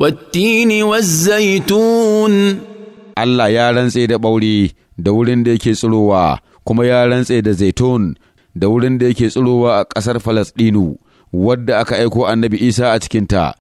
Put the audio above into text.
والتين والزيتون الله يا رنسي da ɓaure da wurin da yake tsirowa kuma ya rantse da zaitun da wurin da yake tsirowa a ƙasar Falasɗinu wadda aka aiko annabi Isa a cikinta.